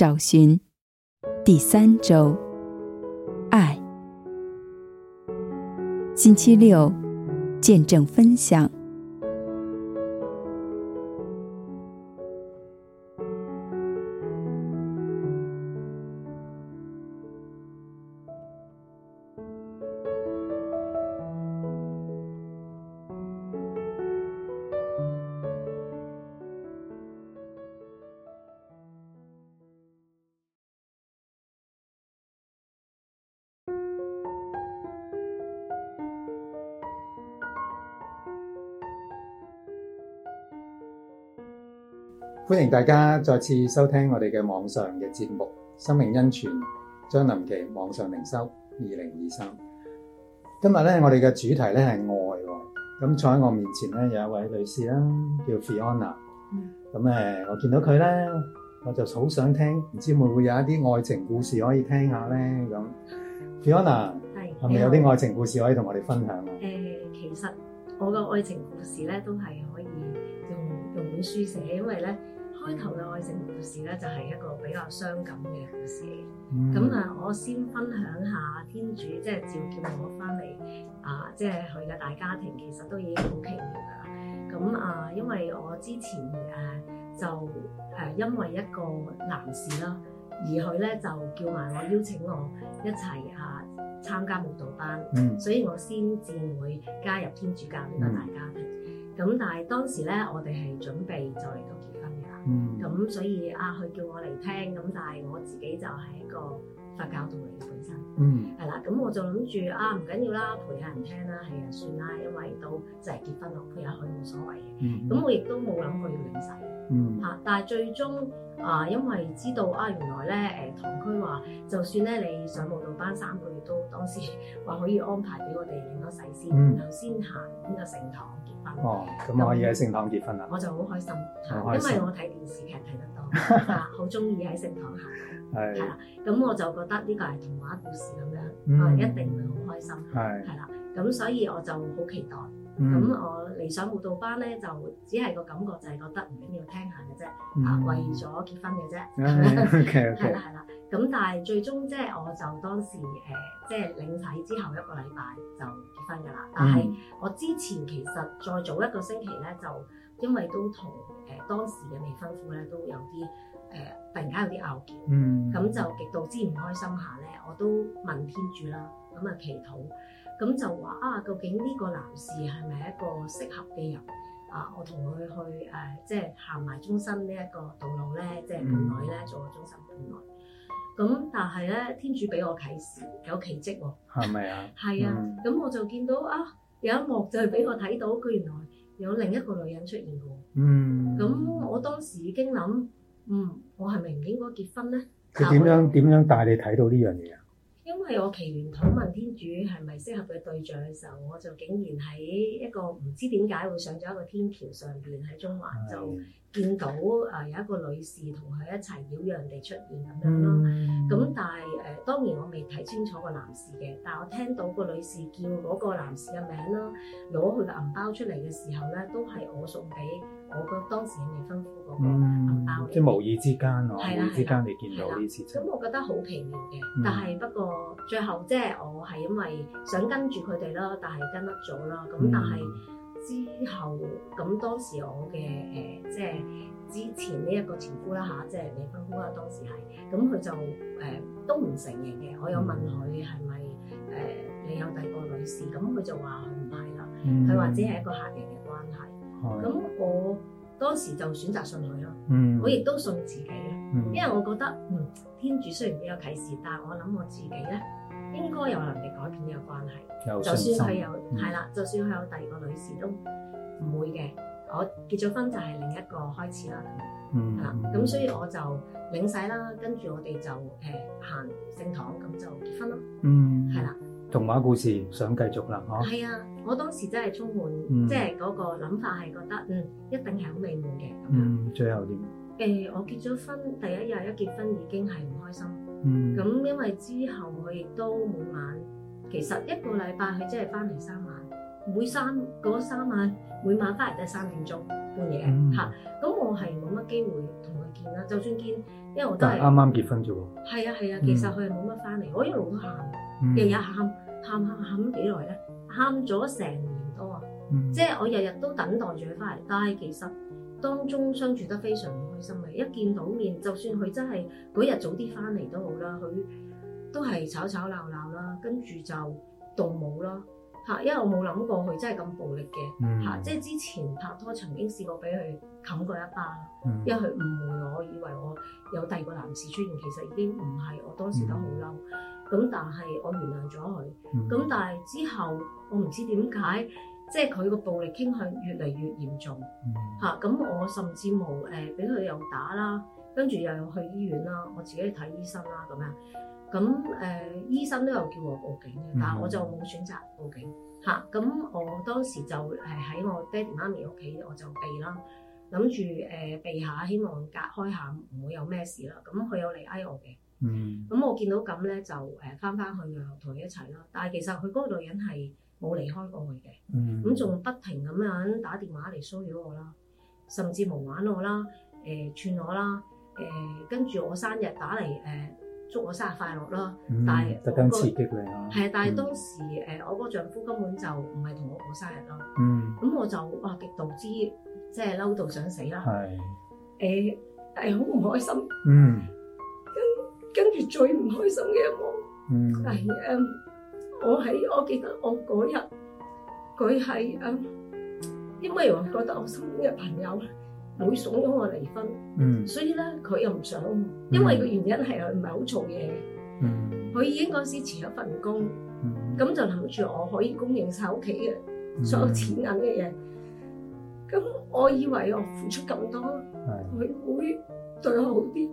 找尋第三周，愛。星期六，見證分享。歡迎大家再次收聽我哋嘅網上嘅節目《生命恩泉》，張林琪網上靈修二零二三。今日咧，我哋嘅主題咧係愛。咁坐喺我面前咧，有一位女士啦，叫 Fiona。咁誒，我見到佢咧，我就好想聽，唔知會唔會有一啲愛情故事可以聽下咧？咁，Fiona 係咪有啲愛情故事可以同我哋分享？誒，其實我嘅愛情故事咧，都係可以用用本書寫，因為咧。開頭嘅愛情故事咧，就係、是、一個比較傷感嘅故事。咁啊、嗯，我先分享下天主即係召叫我翻嚟啊，即係佢嘅大家庭其實都已經好奇妙㗎啦。咁啊，因為我之前誒、啊、就誒因為一個男士啦，而佢咧就叫埋我邀請我一齊啊參加慕道班，嗯、所以我先至會加入天主教呢個大家庭。咁、嗯、但係當時咧，我哋係準備在、就嚟。咁、嗯、所以啊，佢叫我嚟聽，咁但係我自己就係一個佛教徒嚟嘅本身，嗯，係啦，咁我就諗住啊，唔緊要啦，陪下人聽啦，係啊，算啦，因為都就係結婚咯，陪下佢冇所謂，嗯，咁我亦都冇諗過要領洗。嗯，嚇！但係最終啊，因為知道啊，原來咧誒，堂區話就算咧你上慕道班三個月都，當時話可以安排俾我哋領咗洗先，然後先行呢個聖堂結婚。哦，咁可以喺聖堂結婚啊！我就好開心，因為我睇電視劇睇得多，嚇，好中意喺聖堂行。係。係啦，咁我就覺得呢個係童話故事咁樣啊，一定會好開心。係。係啦，咁所以我就好期待。咁我嚟上慕道班咧，就只係個感覺就係覺得唔緊要，聽下嘅啫，嗯、啊為咗結婚嘅啫，係啦係啦。咁但係最終即係我就當時誒，即、呃、係、就是、領洗之後一個禮拜就結婚㗎啦。但係我之前其實再早一個星期咧，就因為都同誒當時嘅未婚夫咧都有啲誒、呃、突然間有啲拗撬，咁、嗯、就極度之唔開心下咧，我都問天主啦，咁啊祈禱。咁就話啊，究竟呢個男士係咪一個適合嘅人啊？我同佢去誒，即係行埋終身呢一個道路咧，即係幾耐咧，做個終身伴侶？咁但係咧，天主俾我啟示有奇蹟喎，係咪、嗯、 啊？係啊，咁我就見到啊，有一幕就係俾我睇到，佢原來有另一個女人出現喎。嗯。咁我當時已經諗，嗯，我係咪唔應該結婚咧？佢點樣點樣帶你睇到呢樣嘢啊？係我祈完禱問天主係咪適合嘅對象嘅時候，我就竟然喺一個唔知點解會上咗一個天橋上邊喺中環就見到誒有一個女士同佢一齊擾攘地出現咁樣咯。咁、嗯、但係誒、呃、當然我未睇清楚個男士嘅，但我聽到個女士叫嗰個男士嘅名啦，攞佢嘅銀包出嚟嘅時候咧，都係我送俾我個當時未婚夫嗰個銀包，即係無意之間、啊，我無意之間你見到呢次，咁我覺得好奇妙嘅。嗯、但係不過最後即係、就是、我係因為想跟住佢哋啦，但係跟得咗啦。咁但係、嗯、之後咁當時我嘅誒、呃、即係之前呢一個前夫啦嚇，即係未婚夫啦，當時係咁佢就誒、呃、都唔承認嘅。我有問佢係咪誒你有第二個女士？咁、嗯、佢就話佢唔係啦，佢或者係一個客人。咁我當時就選擇信佢咯，嗯、我亦都信自己啊，嗯、因為我覺得，嗯，天主雖然比有啟示，但係我諗我自己咧應該有能力改變呢個關係，就算佢有係啦、嗯，就算佢有第二個女士都唔會嘅，嗯、我結咗婚就係另一個開始啦，係啦、嗯，咁所以我就領洗啦，跟住我哋就誒行聖堂，咁就結婚啦，係啦、嗯。嗯童話故事想繼續啦，嗬、啊？係啊，我當時真係充滿，嗯、即係嗰個諗法係覺得，嗯，一定係好美滿嘅。嗯，嗯，最後點？誒、欸，我結咗婚第一日，一結婚已經係唔開心。嗯，咁因為之後佢亦都每晚，其實一個禮拜佢即係翻嚟三晚，每三三晚每晚翻嚟都係三點鐘半夜嚇。咁、嗯啊、我係冇乜機會同佢見啦。就算見，因為我都係啱啱結婚啫喎。係啊係啊，啊，其實佢係冇乜翻嚟，嗯、我一路都喊。日日喊喊喊喊咁幾耐咧？喊咗成年多啊！嗯、即係我日日都等待住佢翻嚟，但係其實當中相處得非常唔開心嘅。一見到面，就算佢真係嗰日早啲翻嚟都好啦，佢都係吵吵鬧鬧啦，跟住就動武啦。吓，因為我冇諗過佢真係咁暴力嘅吓。嗯、即係之前拍拖曾經試過俾佢冚過一巴，嗯、因為佢誤會我，我以為我有第二個男士出現，其實已經唔係，我當時都好嬲。咁但係我原諒咗佢，咁、嗯、哼但係之後我唔知點解，即係佢個暴力傾向越嚟越嚴重，嚇咁、嗯哼啊、我甚至冇誒俾佢又打啦，跟住又去醫院啦，我自己去睇醫生啦咁樣，咁、啊、誒、呃、醫生都有叫我報警嘅，嗯、哼但係我就冇選擇報警，嚇、啊、咁我當時就係喺我爹哋媽咪屋企，我就避啦，諗住誒避下，希望隔開下唔會有咩事啦，咁、啊、佢有嚟挨我嘅。嗯，咁我見到咁咧就誒翻返去同佢一齊咯，但係其實佢嗰個女人係冇離開過佢嘅，嗯，咁仲不停咁樣打電話嚟騷擾我啦，甚至無玩我啦，誒，串我啦，誒，跟住我生日打嚟誒祝我生日快樂啦，但係特登刺激你啊，係啊，但係當時誒我個丈夫根本就唔係同我過生日咯，嗯，咁我就哇極度之即係嬲到想死啦，係，誒係好唔開心，嗯。跟住最唔開心嘅一幕，我係誒，我喺我記得我嗰日，佢係誒，因為我覺得我身邊嘅朋友會慫恿我離婚，嗯，所以咧佢又唔想，因為個原因係佢唔係好做嘢，佢，嗯嗯嗯，應嗰時辭咗份工，咁，嗯嗯，就諗住我可以供應晒屋企嘅所有錢銀嘅嘢，咁我以為我付出咁多，佢，嗯、會對我好啲。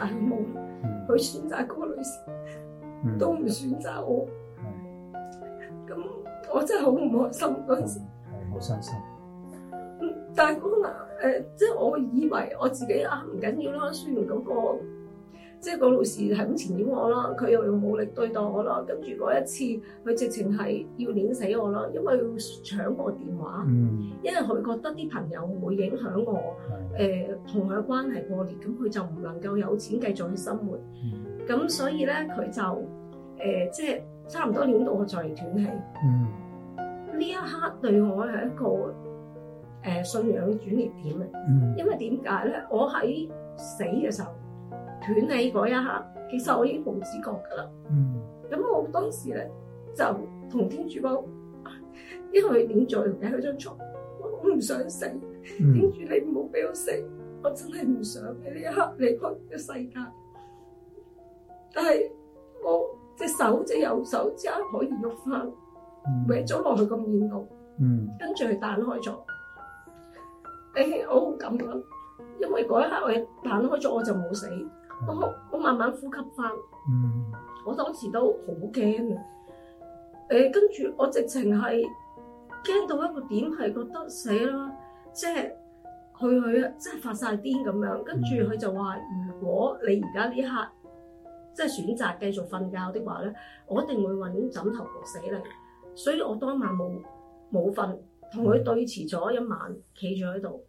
但係冇，佢、嗯、選擇嗰個女士，都唔選擇我，咁、嗯、我真係好唔開心嗰陣、嗯、時。係好傷心。嗯，但係嗰個男，即係我以為我自己啊唔緊要啦，雖然嗰個。即係、那個女士係咁纏繞我啦，佢又用武力對待我啦，跟住嗰一次佢直情係要碾死我啦，因為要搶我電話，嗯、因為佢覺得啲朋友會影響我，誒同佢關係破裂，咁佢就唔能夠有錢繼續去生活，咁、嗯、所以咧佢就誒、呃、即係差唔多碾到我再嚟斷氣。呢、嗯、一刻對我係一個誒、呃、信仰轉捩點啊，嗯、因為點解咧？我喺死嘅時候。斷氣嗰一刻，其實我已經無知覺㗎啦。嗯，咁我當時咧就同天主講呢個點做嘅嗰張牀，我唔想死，天主你唔好俾我死，我真係唔想喺呢一刻離開呢個世界。但係我隻手即係右手，即刻可以喐翻，搲咗落去個面度。嗯，跟住佢彈開咗。誒，我好感恩，因為嗰一刻我彈開咗，我就冇死。我我慢慢呼吸翻，嗯、我當時都好驚，誒跟住我直情係驚到一個點，係覺得死啦！即係佢去，去，啊，真係發晒癲咁樣。跟住佢就話，如果你而家呢一刻即係選擇繼續瞓覺的話咧，我一定會揾枕頭焗死你。所以我當晚冇冇瞓，同佢對峙咗一晚，企咗喺度，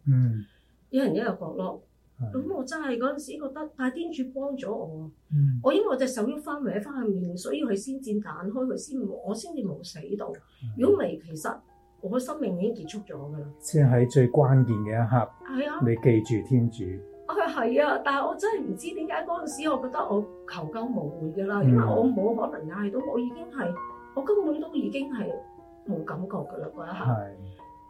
一人一個角落。咁我真係嗰陣時覺得，但係天主幫咗我。嗯、我因為我隻手要翻嚟，翻去面，所以佢先至彈開佢先，我先至冇死到。如果唔係，其實我生命已經結束咗噶啦。即係喺最關鍵嘅一刻，係啊，你記住天主。啊係、哎、啊，但係我真係唔知點解嗰陣時，我覺得我求救無回噶啦，因為我冇可能嗌到，我已經係，我根本都已經係冇感覺噶啦嗰一刻。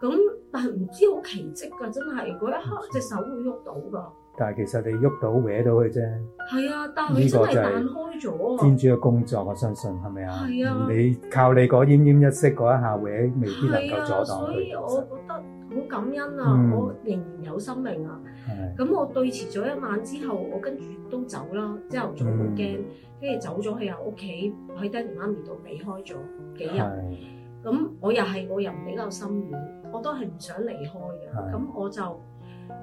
咁是但係唔知好奇蹟噶，真係嗰一刻隻手會喐到噶。但係其實你喐到搲到佢啫，係啊！但係真係彈開咗。天主嘅工作，我相信係咪啊？係啊！你靠你嗰奄奄一息嗰一下搲，未必能夠阻擋佢。係啊，所以我覺得好感恩啊！我仍然有生命啊！咁我對峙咗一晚之後，我跟住都走啦。之後仲好驚，跟住走咗去又屋企喺爹哋媽咪度離開咗幾日。咁我又係我又比較心軟，我都係唔想離開嘅。咁我就。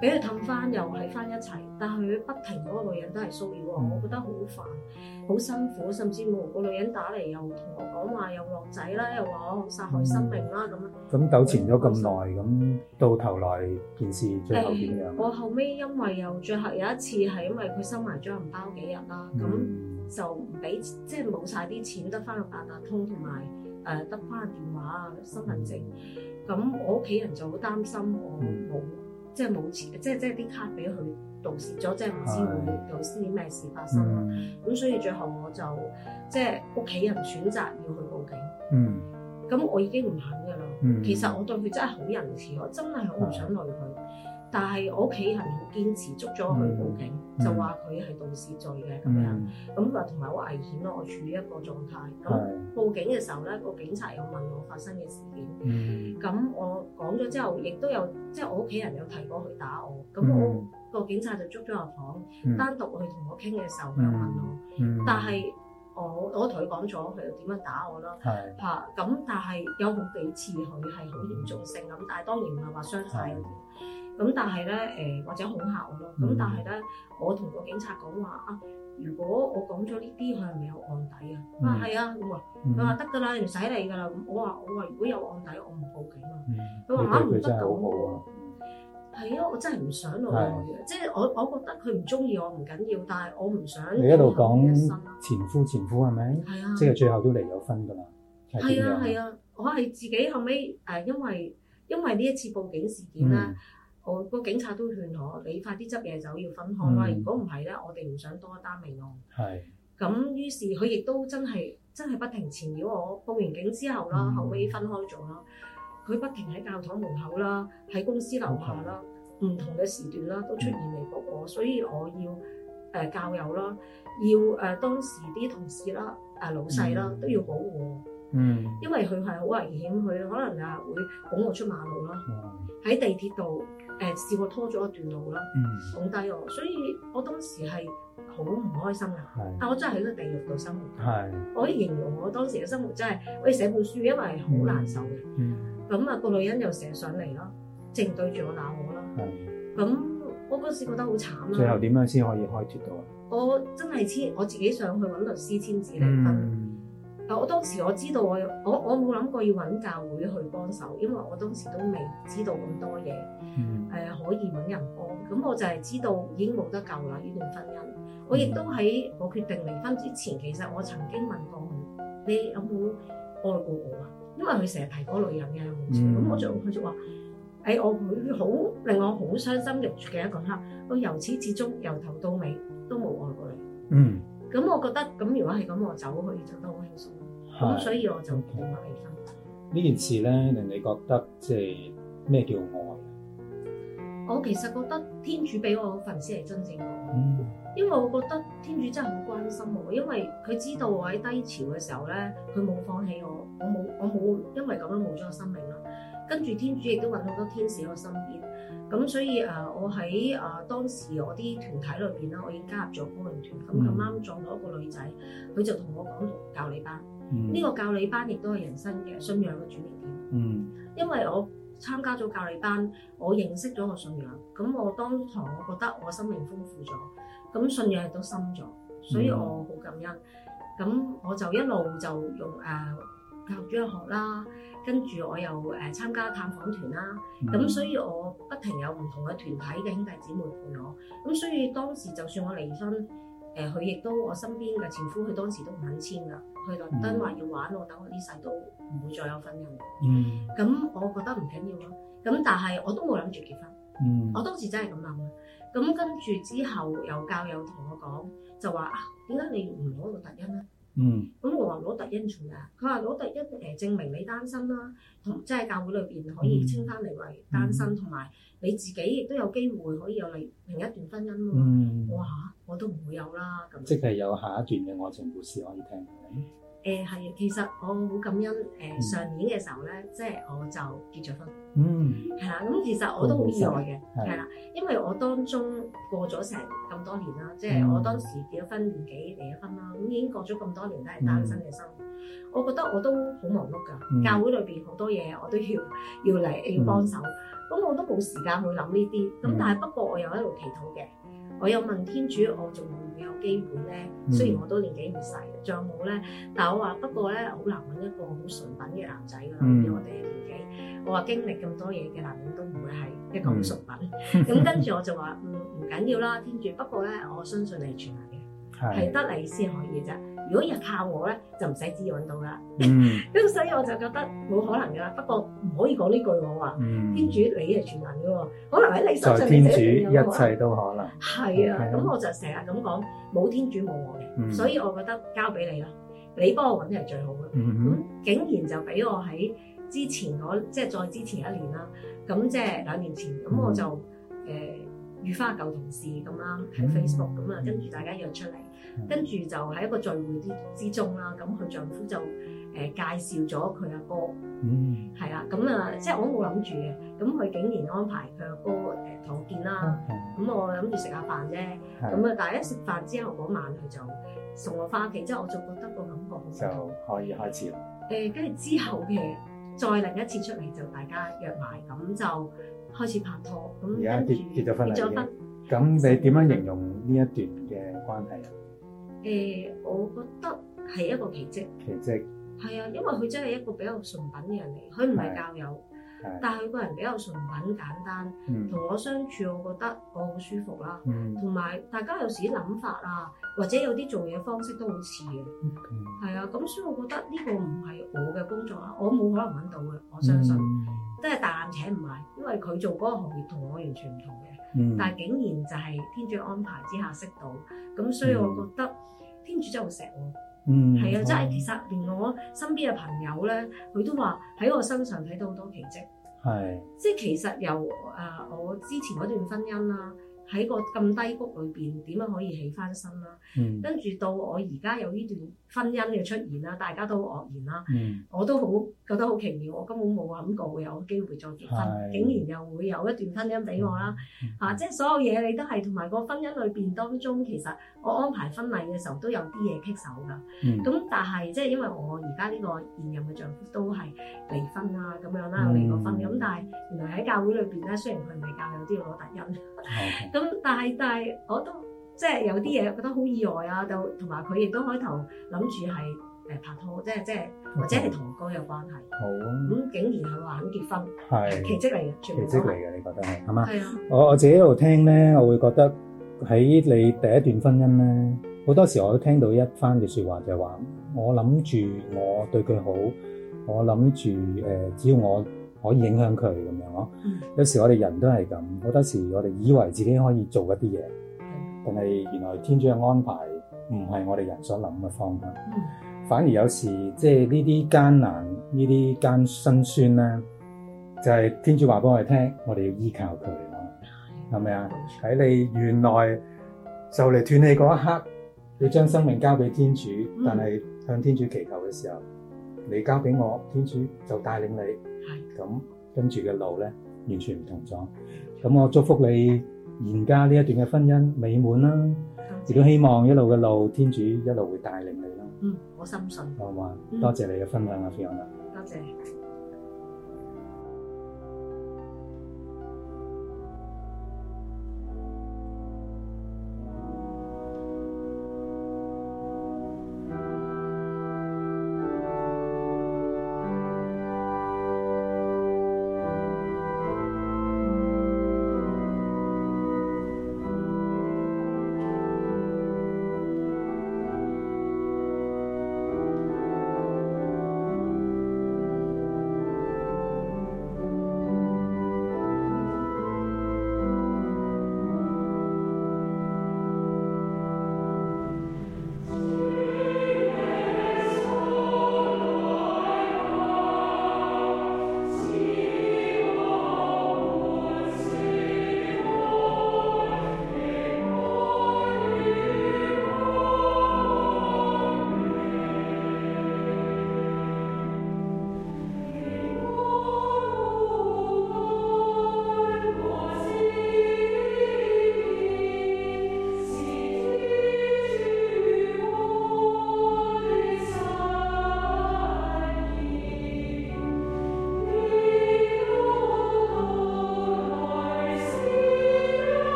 俾佢氹翻，又喺翻一齊，但係佢不停嗰個女人都係騷擾我，嗯、我覺得好煩，好辛苦，甚至冇個女人打嚟又同我講話，又落仔啦，又話我殺害生命啦咁。咁糾纏咗咁耐，咁樣、嗯、到頭來件事最後點樣、欸？我後尾因為又最後有一次係因為佢收埋咗銀包幾日啦，咁就唔俾即係冇晒啲錢，得翻個八達通同埋誒得翻個電話啊身份證。咁我屋企人就好擔心我冇。嗯嗯嗯即係冇錢，即係即係啲卡俾佢盜竊咗，即係唔知會有啲咩事發生啦。咁、嗯、所以最後我就即係屋企人選擇要去報警。嗯。咁我已經唔肯噶啦。嗯、其實我對佢真係好仁慈，我真係好唔想累佢。的但係我屋企人好堅持捉咗佢去報警。嗯就話佢係盜竊罪嘅咁、嗯、樣，咁話同埋好危險咯，我處於一個狀態。咁、嗯、報警嘅時候咧，個警察又問我發生嘅事件，咁、嗯、我講咗之後，亦都有即係我屋企人有提過去打我，咁我個、嗯、警察就捉咗入房，嗯、單獨去同我傾嘅時候佢又、嗯、問我，但係我我同佢講咗佢又點樣打我啦，嚇咁、嗯嗯、但係有好幾次佢係好嚴重性咁，但係當然唔係話傷曬但咁但係咧，誒或者恐嚇我咯。咁但係咧，我同個警察講話啊，如果我講咗呢啲，佢係咪有案底、嗯、啊？啊、嗯，係啊。我話，佢話得㗎啦，唔使理㗎啦。咁我話，我話如果有案底，我唔報警啊。佢話吓，唔得㗎。係啊、嗯、啊，我真係唔想落去。啊、即係我，我覺得佢唔中意我唔緊要，但係我唔想。你一度講前夫前夫係咪？係啊。即係最後都離咗婚㗎啦。係啊係啊，啊，啊，我係自己後尾誒、啊，因為因為呢一次報警事件咧。嗯我個警察都勸我，你快啲執嘢走，要分開啦。如果唔係咧，我哋唔想多一單命案。係。咁於是佢亦都真係真係不停纏繞我。報完警之後啦，嗯、後尾分開咗啦。佢不停喺教堂門口啦，喺公司樓下啦，唔、嗯、同嘅時段啦，都出現嚟報我。所以我要誒教友啦，要誒當時啲同事啦、誒、啊、老細啦，都要保護。嗯。因為佢係好危險，佢可能啊會攪我出馬路啦，喺、嗯、哇 地鐵度。誒試過拖咗一段路啦，拱低、嗯、我，所以我當時係好唔開心噶。的但我真係喺個地獄度生活。的我可以形容我當時嘅生活真係，我可以寫本書，因為好難受嘅。咁啊、嗯，嗯、個女人又成日上嚟咯，正對住我鬧我啦。咁的我嗰時覺得好慘啦。最後點樣先可以開脫到啊？我真係簽，我自己上去揾律師簽字離婚。來嗯我當時我知道我我我冇諗過要揾教會去幫手，因為我當時都未知道咁多嘢，誒、嗯呃、可以揾人幫。咁我就係知道已經冇得救啦呢段婚姻。我亦都喺我決定離婚之前，其實我曾經問過佢：你有冇愛過我啊？因為佢成日提嗰類嘢嘅，咁、嗯、我就拒絕話：誒、欸、我佢好令我好傷心嘅一個刻，我由始至終由頭到尾都冇愛過你。嗯，咁我覺得咁如果係咁，我走可以走得好輕鬆。咁、嗯、所以我就同佢離婚。呢件事咧，令你覺得即係咩叫愛啊？我其實覺得天主俾我份先係真正愛，嗯、因為我覺得天主真係好關心我，因為佢知道我喺低潮嘅時候咧，佢冇放棄我，我冇我冇因為咁樣冇咗個生命咯。跟住天主亦都揾好多天使喺我身邊，咁所以誒，我喺誒當時我啲團體裏邊啦，我已經加入咗幫人團，咁咁啱撞到一個女仔，佢就我講同我講教理班。呢、嗯、個教理班亦都係人生嘅信仰嘅轉變點。嗯，因為我參加咗教理班，我認識咗個信仰。咁我當堂，我覺得我生命豐富咗，咁信仰亦都深咗，所以我好感恩。咁、嗯、我就一路就用誒、呃、教主去學啦，跟住我又誒參加探訪團啦。咁、嗯、所以我不停有唔同嘅團體嘅兄弟姊妹陪我。咁所以當時就算我離婚，誒、呃、佢亦都我身邊嘅前夫，佢當時都唔肯簽㗎。去倫敦話要玩我，我等我呢世都唔會再有婚姻。嗯，咁我覺得唔緊要咯。咁但係我都冇諗住結婚。嗯，我當時真係咁諗。咁跟住之後，有教友同我講，就話啊，點解你唔攞個特恩咧？嗯，咁我話攞特恩住嘅，佢話攞特恩誒證明你單身啦、啊，同即係教會裏邊可以稱翻你為單身，同埋、嗯嗯、你自己亦都有機會可以有嚟另一段婚姻咯、啊。哇、嗯、我都唔會有啦咁。即係有下一段嘅愛情故事可以聽。嗯。誒係，其實我好感恩誒上年嘅時候咧，即係我就結咗婚。嗯，係啦，咁其實我都好意外嘅，係啦，因為我當中過咗成咁多年啦，即、就、係、是、我當時結咗婚、嗯、年幾離咗婚啦，咁已經過咗咁多年都係單身嘅生活，嗯、我覺得我都好忙碌㗎，嗯、教會裏邊好多嘢我都要要嚟要幫手，咁、嗯嗯、我都冇時間去諗呢啲，咁、嗯、但係不過我有一路祈禱嘅，我有問天主我仲，我有機會咧，雖然我都年紀唔細，仲有冇咧，但係我話不過咧，好難揾一個好純品嘅男仔㗎啦，以、嗯、我哋嘅年紀。我話經歷咁多嘢嘅男人，都唔會係一個好純品。咁、嗯、 跟住我就話唔唔緊要啦，天主。不過咧，我相信你全能嘅係得你先可以㗎。如果日靠我咧，就唔使自己揾到啦。咁、嗯、 所以我就覺得冇可能噶，不過唔可以講呢句話喎。我嗯、天主你係全能噶喎，可能喺你身上寫，在天主一切都可能。係、嗯、啊，咁 Okay.、嗯、我就成日咁講，冇天主冇我嘅，嗯、所以我覺得交俾你啦，你幫我揾係最好嘅。咁竟然就俾我喺之前即係再之前一年啦，咁即係兩年前，咁我就誒，嗯遇翻舊同事咁啦，喺 Facebook 咁啊，跟住大家約出嚟，跟住就喺一個聚會之之中啦。咁佢、嗯、丈夫就誒介紹咗佢阿哥，嗯，係啦。咁啊，即係我都冇諗住嘅。咁佢竟然安排佢阿哥誒同我見啦。咁、嗯、我諗住食下飯啫。咁啊，但係一食飯之後嗰晚，佢就送我翻屋企，之後我就覺得個感覺好就可以開始啦。誒，跟住之後嘅再另一次出嚟，就大家約埋咁就。開始拍拖咁，跟住結咗婚，咁後你點樣形容呢一段嘅關係啊？誒、嗯，我覺得係一個奇蹟。奇蹟迹係啊，因為佢真係一個比較純品嘅人嚟，佢唔係教友，的但係佢個人比較純品簡單，同、嗯、我相處，我覺得我好舒服啦。同埋、嗯、大家有時啲諗法啊，或者有啲做嘢方式都好似嘅，係、嗯、啊。咁所以我覺得呢個唔係我嘅工作啊，我冇可能揾到嘅，我相信。都係大纜扯唔埋，因為佢做嗰個行業同我完全唔同嘅。嗯、但係竟然就係天主安排之下識到，咁所以我覺得天主真係好錫我。嗯，係啊，真係、嗯、其實連我身邊嘅朋友咧，佢都話喺我身上睇到好多奇蹟。係是，即係其實由誒、呃、我之前嗰段婚姻啦、啊。喺個咁低谷裏邊點樣可以起翻身啦？跟住到我而家有呢段婚姻嘅出現啦，大家都愕然啦，我都好覺得好奇妙，我根本冇諗過會有機會再結婚，竟然又會有一段婚姻俾我啦嚇！即係所有嘢你都係同埋個婚姻裏邊當中，其實我安排婚禮嘅時候都有啲嘢棘手㗎。咁但係即係因為我而家呢個現任嘅丈夫都係離婚啦咁樣啦，有離過婚咁，但係原來喺教會裏邊咧，雖然佢唔係教有啲攞特恩。咁 Okay. 但係但係，我都即係有啲嘢覺得好意外啊！就同埋佢亦都開頭諗住係誒拍拖，即係即係或者係同哥有關係。好啊，咁竟然佢話肯結婚，係 Okay. 奇蹟嚟嘅，奇蹟嚟嘅，你覺得係嘛？係啊，我我自己喺度聽咧，我會覺得喺你第一段婚姻咧，好多時我都聽到一番嘅說話，就係話我諗住我對佢好，我諗住誒，只要我。可以影響佢咁樣囉。有時我哋人都係咁好多時，我哋以為自己可以做一啲嘢，但係原來天主嘅安排唔係我哋人所諗嘅方法。嗯、反而有時即係呢啲艱難，呢啲艱辛酸咧，就係、是、天主話俾我哋聽，我哋要依靠佢，係咪啊？喺你原來就嚟斷氣嗰一刻，你將生命交俾天主，但係向天主祈求嘅時候，你交俾我，天主就帶領你。咁跟住嘅路咧，完全唔同咗。咁我祝福你而家呢一段嘅婚姻美滿啦，亦都希望一路嘅路，天主一路會帶領你啦。嗯，我深信。好嘛，多謝你嘅分享啊，Fiona。多謝。